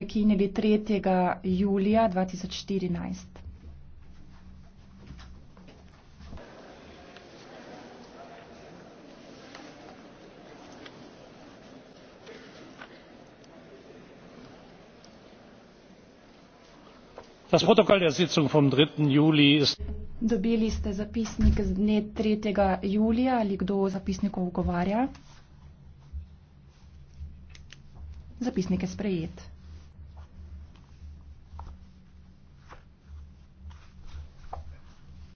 prekine bi 3. julija 2014. Das Protokoll der Sitzung vom 3. Juli ist Dobili ste zapisnik z dne 3. julija ali kdo zapisnikov ugovarja? Zapisnik je sprejet.